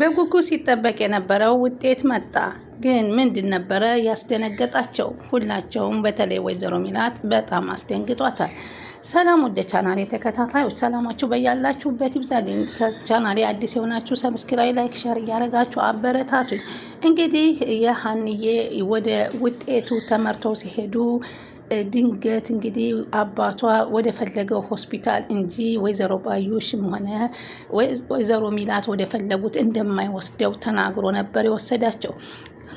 በጉጉ ሲጠበቅ የነበረው ውጤት መጣ። ግን ምንድን ነበረ ያስደነገጣቸው? ሁላቸውም በተለይ ወይዘሮ ሚላት በጣም አስደንግጧታል። ሰላም ወደ ቻናሌ ተከታታዮች ሰላማችሁ በያላችሁበት ይብዛልኝ። ቻናሌ አዲስ የሆናችሁ ሰብስክራይ፣ ላይክ፣ ሸር እያደረጋችሁ አበረታቱኝ። እንግዲህ የሀንዬ ወደ ውጤቱ ተመርተው ሲሄዱ ድንገት እንግዲህ አባቷ ወደ ፈለገው ሆስፒታል እንጂ ወይዘሮ ባዩሽም ሆነ ወይዘሮ ሚላት ወደ ፈለጉት እንደማይወስደው ተናግሮ ነበር የወሰዳቸው።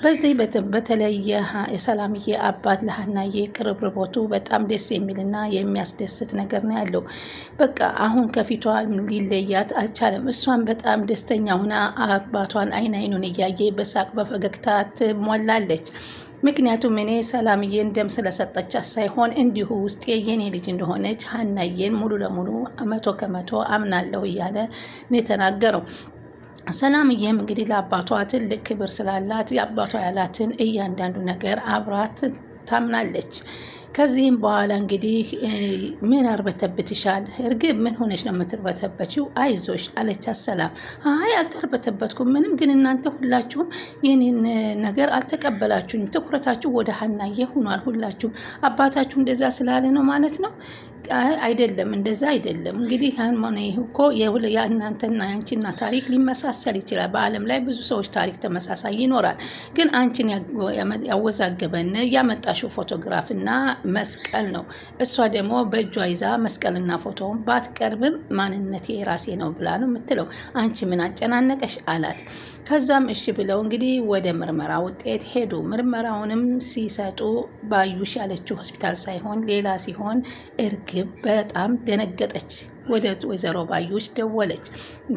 በዚህ በተለየ የሰላምዬ አባት ለሀናዬ ቅርብርቦቱ በጣም ደስ የሚልና የሚያስደስት ነገር ነው ያለው። በቃ አሁን ከፊቷ ሊለያት አልቻለም። እሷን በጣም ደስተኛ ሁና አባቷን አይን አይኑን እያየ በሳቅ በፈገግታ ትሞላለች። ምክንያቱም እኔ ሰላምዬን ደም ስለሰጠቻት ሳይሆን እንዲሁ ውስጤ የኔ ልጅ እንደሆነች ሀናዬን ሙሉ ለሙሉ መቶ ከመቶ አምናለሁ እያለ ነው የተናገረው። ሰላምዬም እንግዲህ ለአባቷ ትልቅ ክብር ስላላት የአባቷ ያላትን እያንዳንዱ ነገር አብራት ታምናለች። ከዚህም በኋላ እንግዲህ ምን አርበተብትሻል እርግብ? ምን ሆነች ነው የምትርበተበችው? አይዞሽ አለቻት ሰላም። አይ አልተርበተበትኩም ምንም፣ ግን እናንተ ሁላችሁም ይህንን ነገር አልተቀበላችሁም። ትኩረታችሁ ወደ ሀናዬ ሆኗል። ሁላችሁም አባታችሁ እንደዛ ስላለ ነው ማለት ነው አይደለም እንደዛ አይደለም። እንግዲህ ሆነ እኮ የእናንተና የአንቺና ታሪክ ሊመሳሰል ይችላል። በዓለም ላይ ብዙ ሰዎች ታሪክ ተመሳሳይ ይኖራል። ግን አንቺን ያወዛገበን ያመጣሽው ፎቶግራፍና መስቀል ነው። እሷ ደግሞ በእጇ ይዛ መስቀልና ፎቶውን ባትቀርብም ማንነት የራሴ ነው ብላ ነው የምትለው። አንቺ ምን አጨናነቀሽ አላት። ከዛም እሺ ብለው እንግዲህ ወደ ምርመራ ውጤት ሄዱ። ምርመራውንም ሲሰጡ ባዩሽ ያለችው ሆስፒታል ሳይሆን ሌላ ሲሆን እርግ ርግብ በጣም ደነገጠች። ወደ ወይዘሮ ባዩች ደወለች።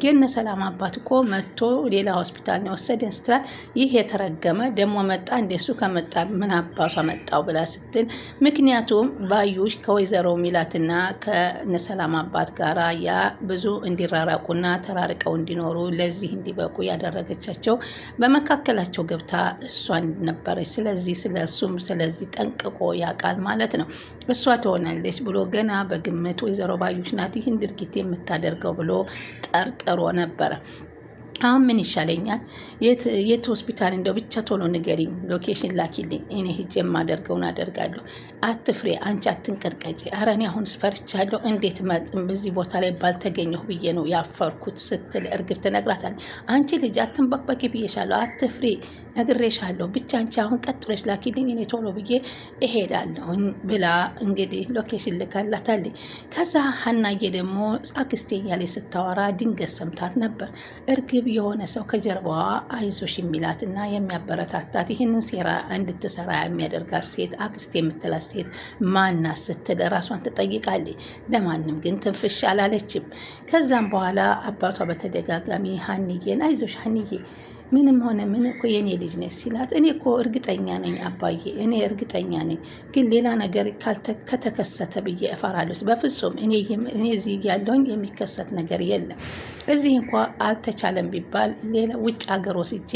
ግን ሰላም አባት እኮ መጥቶ ሌላ ሆስፒታል ነው የወሰደን ስትላት፣ ይህ የተረገመ ደግሞ መጣ እንደሱ ከመጣ ምን አባቷ መጣው ብላ ስትል፣ ምክንያቱም ባዩች ከወይዘሮ ሚላትና ከነሰላም አባት ጋራ ያ ብዙ እንዲራራቁና ተራርቀው እንዲኖሩ ለዚህ እንዲበቁ ያደረገቻቸው በመካከላቸው ገብታ እሷን ነበረች። ስለዚህ ስለ እሱም ስለዚህ ጠንቅቆ ያውቃል ማለት ነው። እሷ ትሆናለች ብሎ ገና በግምት ወይዘሮ ባዩች ናት ይህን ድርጊት የምታደርገው ብሎ ጠርጥሮ ነበረ። አሁን ምን ይሻለኛል? የት ሆስፒታል እንደው ብቻ ቶሎ ንገሪኝ፣ ሎኬሽን ላኪልኝ፣ እኔ ሂጅ የማደርገውን አደርጋለሁ። አትፍሬ፣ አንቺ አትንቀጥቀጪ። ኧረ እኔ አሁን ስፈርቻለሁ። እንዴት መጥም በዚህ ቦታ ላይ ባልተገኘሁ ብዬ ነው ያፈርኩት ስትል እርግብ ትነግራታለች። አንቺ ልጅ አትንበቅበቂ ብዬሻለሁ፣ አትፍሬ፣ ነግሬሻለሁ። ብቻ አንቺ አሁን ቀጥለሽ ላኪልኝ፣ እኔ ቶሎ ብዬ እሄዳለሁኝ ብላ እንግዲህ ሎኬሽን ልካላታል። ከዛ ሀናዬ ደግሞ አክስቴ እያለች ስታወራ ድንገት ሰምታት ነበር እርግብ ስታስብ የሆነ ሰው ከጀርባዋ አይዞሽ የሚላት እና የሚያበረታታት ይህንን ሴራ እንድትሰራ የሚያደርጋት ሴት አክስት የምትላት ሴት ማና ስትል ራሷን ትጠይቃለች። ለማንም ግን ትንፍሽ አላለችም። ከዛም በኋላ አባቷ በተደጋጋሚ ሀንዬን አይዞሽ ሀንዬ ምንም ሆነ ምን እኮ የኔ ልጅ ነች ሲላት፣ እኔ እኮ እርግጠኛ ነኝ አባዬ፣ እኔ እርግጠኛ ነኝ፣ ግን ሌላ ነገር ከተከሰተ ብዬ እፈራለሁ። በፍጹም እኔ እዚህ ያለውኝ የሚከሰት ነገር የለም። እዚህ እንኳ አልተቻለም ቢባል ሌላ ውጭ ሀገር ወስጄ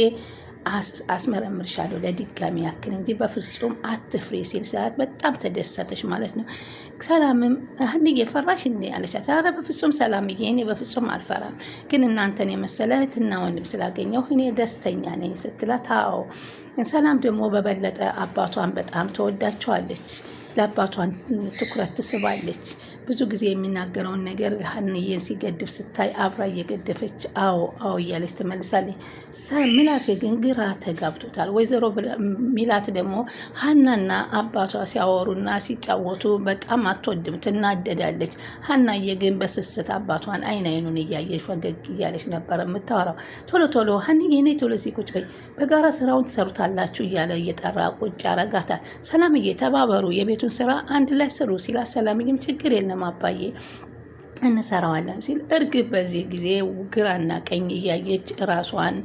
አስመረምርሻለሁ ለድጋሚ ያክል እንጂ በፍጹም አትፍሪ ሲል ስላት በጣም ተደሰተች ማለት ነው። ሰላምም አንድ የፈራሽ እንዴ አለቻት። ኧረ በፍጹም ሰላምዬ፣ እኔ በፍጹም አልፈራም፣ ግን እናንተን የመሰለ እህትና ወንድም ስላገኘው እኔ ደስተኛ ነኝ ስትላት፣ አዎ ሰላም ደግሞ በበለጠ አባቷን በጣም ተወዳቸዋለች፣ ለአባቷን ትኩረት ትስባለች። ብዙ ጊዜ የሚናገረውን ነገር ሀንዬን ሲገድፍ ስታይ አብራ እየገደፈች አዎ አዎ እያለች ትመልሳለች። ምናሴ ግን ግራ ተጋብቶታል። ወይዘሮ ሚላት ደግሞ ሀናና አባቷ ሲያወሩና ሲጫወቱ በጣም አትወድም፣ ትናደዳለች። ሀናዬ ግን በስስት አባቷን አይን አይኑን እያየች ፈገግ እያለች ነበረ የምታወራው። ቶሎ ቶሎ ሀንዬ ነይ ቶሎ እዚህ በይ፣ በጋራ ስራውን ትሰሩታላችሁ እያለ እየጠራ ቁጭ ያረጋታል። ሰላምዬ ተባበሩ፣ የቤቱን ስራ አንድ ላይ ስሩ ሲላ ሰላምዬም ችግር የለም माप पाइए እንሰራዋለን ሲል እርግብ በዚህ ጊዜ ግራና ቀኝ እያየች ራሷን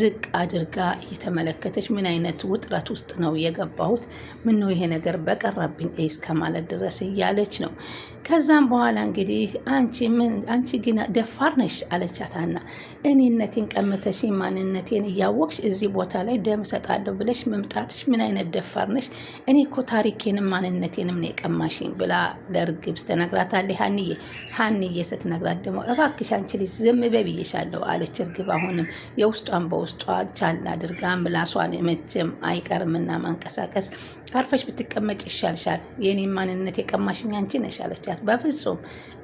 ዝቅ አድርጋ እየተመለከተች ምን አይነት ውጥረት ውስጥ ነው የገባሁት? ምን ነው ይሄ ነገር በቀረብኝ እስከ ማለት ድረስ እያለች ነው። ከዛም በኋላ እንግዲህ አንቺ ምን አንቺ ግን ደፋር ነሽ አለቻታና እኔነቴን ቀምተሽ ማንነቴን እያወቅሽ እዚህ ቦታ ላይ ደም ሰጣለሁ ብለሽ መምጣትሽ ምን አይነት ደፋር ነሽ? እኔ እኮ ታሪኬንም ማንነቴንም ነው የቀማሽኝ ብላ ለእርግብ ስትነግራታለች። ሀንዬ ሀንዬ ስትነግራት ደግሞ እባክሽ አንቺ ልጅ ዝም በይ ብዬሻለሁ አለች እርግብ። አሁንም የውስጧን በውስጧ ቻል አድርጋ ምላሷን መቼም አይቀርምና መንቀሳቀስ አርፈሽ ብትቀመጭ ይሻልሻል። የኔ ማንነት የቀማሽኝ አንቺ ነሽ አለቻት። በፍጹም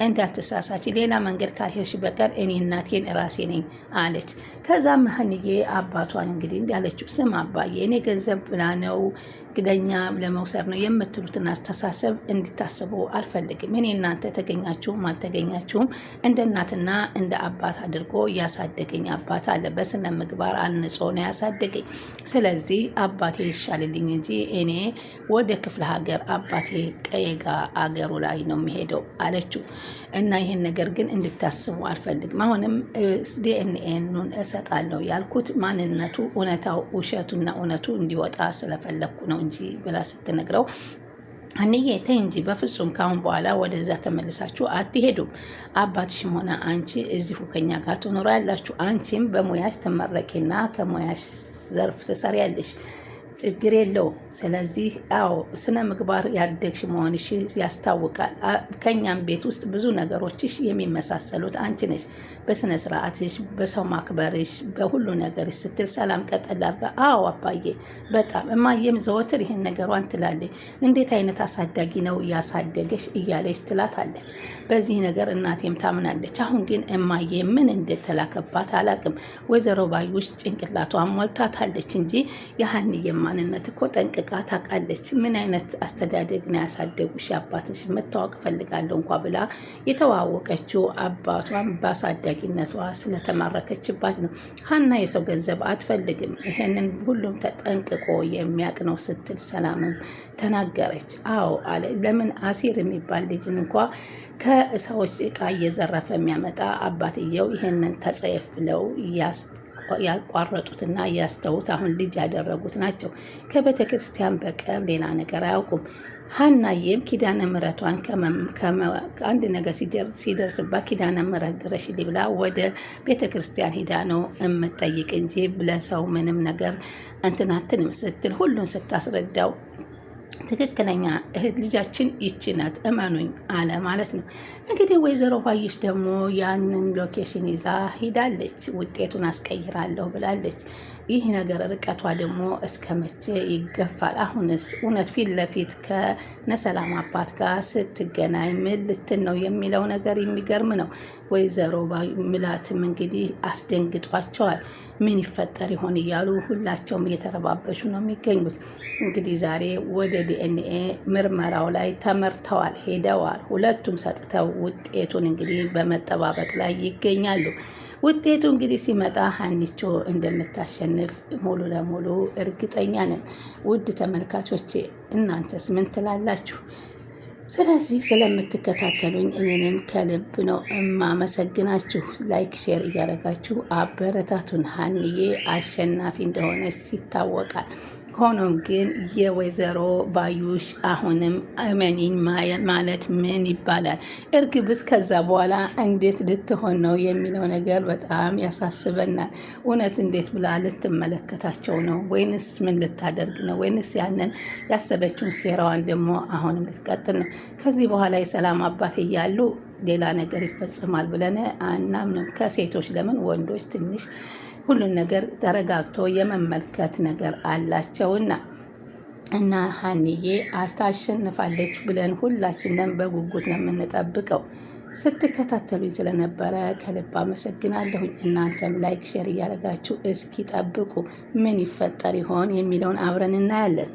እንዳትሳሳች ሌላ መንገድ ካልሄድሽ በቀር እኔ እናቴን ራሴ ነኝ አለች። ከዛ መህንዬ አባቷን እንግዲህ እንዳለችው ስም አባዬ እኔ ገንዘብ ብላ ነው ግደኛ ለመውሰድ ነው የምትሉትን አስተሳሰብ እንድታስቡ አልፈልግም። እኔ እናንተ ተገኛችሁም አልተገኛችሁም እንደ እናትና እንደ አባት አድርጎ ያሳደገኝ አባት አለ። በስነ ምግባር አንጾ ነው ያሳደገኝ። ስለዚህ አባቴ ይሻልልኝ እንጂ እኔ ወደ ክፍለ ሀገር አባቴ ቀየጋ አገሩ ላይ ነው የሚሄደው አለችው። እና ይህን ነገር ግን እንድታስቡ አልፈልግም። አሁንም ዲኤንኤኑን እሰጣለሁ ያልኩት ማንነቱ እውነታው ውሸቱና እውነቱ እንዲወጣ ስለፈለግኩ ነው እንጂ ብላ ስትነግረው አንዬ ተይ እንጂ በፍጹም ካሁን በኋላ ወደዛ ተመልሳችሁ አትሄዱም። አባትሽም ሆነ አንቺ እዚሁ ከኛ ጋር ትኖሩ ያላችሁ አንቺም በሙያሽ ትመረቂና ከሙያሽ ዘርፍ ትሰሪያለሽ። ችግር የለው። ስለዚህ አዎ ስነ ምግባር ያደግሽ መሆንሽ ያስታውቃል። ከእኛም ቤት ውስጥ ብዙ ነገሮችሽ የሚመሳሰሉት አንቺ ነሽ። በስነ ስርዓትሽ፣ በሰው ማክበርሽ፣ በሁሉ ነገርሽ ስትል ሰላም ቀጠል አዎ አባዬ በጣም እማየም ዘወትር ይህን ነገሯን ትላለች። እንዴት አይነት አሳዳጊ ነው እያሳደገሽ እያለች ትላታለች። በዚህ ነገር እናቴም ታምናለች። አሁን ግን እማዬ ምን እንደተላከባት አላቅም። ወይዘሮ ባዩሽ ጭንቅላቷ ሞልታታለች እንጂ ያህንዬ ማንነት እኮ ጠንቅቃ ታውቃለች። ምን አይነት አስተዳደግ ነው ያሳደጉሽ አባትሽ መታወቅ ፈልጋለሁ እንኳ ብላ የተዋወቀችው አባቷን በአሳዳጊነቷ ስለተማረከችባት ነው። ሀና የሰው ገንዘብ አትፈልግም። ይህንን ሁሉም ተጠንቅቆ የሚያውቅ ነው ስትል ሰላምም ተናገረች። አዎ አለ። ለምን አሲር የሚባል ልጅን እንኳ ከሰዎች እቃ እየዘረፈ የሚያመጣ አባትየው ይህንን ተጸየፍ ብለው ያስ ያቋረጡትና ያስተውት አሁን ልጅ ያደረጉት ናቸው። ከቤተ ክርስቲያን በቀር ሌላ ነገር አያውቁም። ሀናዬም ኪዳነ ምሕረቷን አንድ ነገር ሲደርስባት ኪዳነ ምሕረት ድረሽልኝ ብላ ወደ ቤተ ክርስቲያን ሂዳ ነው የምጠይቅ እንጂ ብለሰው ምንም ነገር እንትናትን ስትል ሁሉን ስታስረዳው ትክክለኛ እህት ልጃችን ይቺ ናት እመኑኝ አለ ማለት ነው። እንግዲህ ወይዘሮ ባይሽ ደግሞ ያንን ሎኬሽን ይዛ ሂዳለች። ውጤቱን አስቀይራለሁ ብላለች። ይህ ነገር ርቀቷ ደግሞ እስከ መቼ ይገፋል? አሁንስ እውነት ፊት ለፊት ከነሰላም አባት ጋር ስትገናኝ ምን ልትን ነው የሚለው ነገር የሚገርም ነው። ወይዘሮ ምላትም እንግዲህ አስደንግጧቸዋል። ምን ይፈጠር ይሆን እያሉ ሁላቸውም እየተረባበሹ ነው የሚገኙት። እንግዲህ ዛሬ ወደ ዲኤንኤ ምርመራው ላይ ተመርተዋል ሄደዋል። ሁለቱም ሰጥተው ውጤቱን እንግዲህ በመጠባበቅ ላይ ይገኛሉ። ውጤቱ እንግዲህ ሲመጣ ሀኒቾ እንደምታሸንፍ ሙሉ ለሙሉ እርግጠኛ ነን። ውድ ተመልካቾቼ እናንተስ ምን ትላላችሁ? ስለዚህ ስለምትከታተሉኝ እኔንም ከልብ ነው እማመሰግናችሁ። ላይክ ሼር እያደረጋችሁ አበረታቱን። ሀንዬ አሸናፊ እንደሆነች ይታወቃል። ሆኖም ግን የወይዘሮ ባዩሽ አሁንም እመኒኝ ማለት ምን ይባላል? እርግብስ ከዛ በኋላ እንዴት ልትሆን ነው የሚለው ነገር በጣም ያሳስበናል። እውነት እንዴት ብላ ልትመለከታቸው ነው? ወይንስ ምን ልታደርግ ነው? ወይንስ ያንን ያሰበችውን ሴራዋን ደግሞ አሁንም ልትቀጥል ነው? ከዚህ በኋላ የሰላም አባት እያሉ ሌላ ነገር ይፈጽማል ብለን አናምንም። ከሴቶች ለምን ወንዶች ትንሽ ሁሉን ነገር ተረጋግቶ የመመልከት ነገር አላቸውና እና ሀኒዬ ታሸንፋለች ብለን ሁላችንም በጉጉት ነው የምንጠብቀው። ስትከታተሉኝ ስለነበረ ከልብ አመሰግናለሁኝ። እናንተም ላይክ፣ ሼር እያደረጋችሁ እስኪ ጠብቁ ምን ይፈጠር ይሆን የሚለውን አብረን እናያለን።